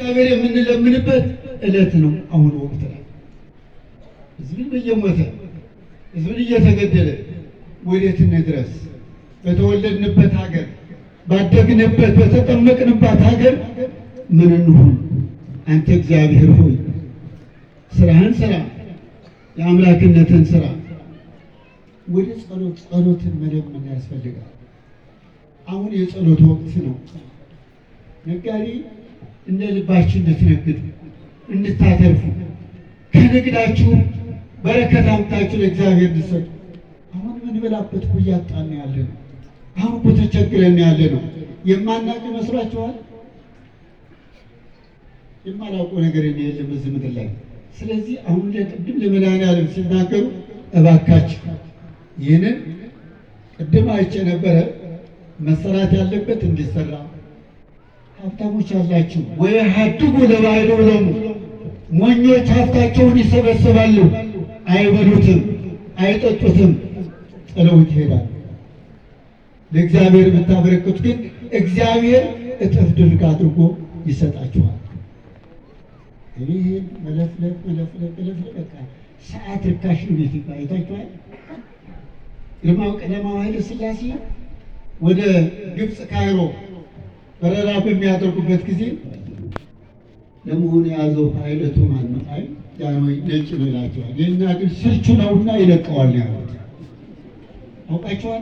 እግዚአብሔር የምንለምንበት እለት ነው። አሁን ወቅት ላይ ህዝብን እየሞተ ህዝብን እየተገደለ ወዴት እንድረስ? በተወለድንበት ሀገር፣ ባደግንበት፣ በተጠመቅንባት ሀገር ምን እንሁን? አንተ እግዚአብሔር ሆይ ስራህን ስራ፣ የአምላክነትን ስራ። ወደ ጸሎት ጸሎትን መለመን ያስፈልጋል። አሁን የጸሎት ወቅት ነው ነጋዴ እንደ ልባችሁ እንድትነግዱ እንድታተርፉ ከንግዳችሁም በረከት አምጣችሁ ለእግዚአብሔር እንድትሰጡ። አሁን የምንበላበት እኮ እያጣን ያለ ነው። አሁን እኮ ተቸግረን ያለ ነው። የማናውቅ ይመስላችኋል? የማላውቀው ነገር የለም በዚህ ምድር ላይ። ስለዚህ አሁን ቅድም ለመድኃኒዓለም ሲናገሩ እባካችሁ ይህንን ቅድም አይቼ ነበረ መሰራት ያለበት እንዲሰራ ሀብታሞች ያላችሁ ወይ ሀብቱሙ ለባዕዱ ለሙ ሞኞች ሀብታቸውን ይሰበሰባሉ፣ አይበሉትም፣ አይጠጡትም፣ ጥለውት ይሄዳል። ለእግዚአብሔር የምታበረክቱ ግን እግዚአብሔር እጥፍ ድርቅ አድርጎ ይሰጣችኋል። እኔ መለፍለፍ መለፍለፍ መለፍለፍ በቃ ሰዓት ርካሽ ነው። ቤት አይታችኋል። ግርማው ቀዳማዊ ኃይለ ሥላሴ ወደ ግብፅ ካይሮ በረራ በሚያደርጉበት ጊዜ ለመሆን የያዘው ፓይለቱ ማን ነው? አይ ያ ነጭ ነው ይላቸዋል። የእኛ ግን ስርቹ ነውና ይለቀዋል ያሉት አውቃቸዋል።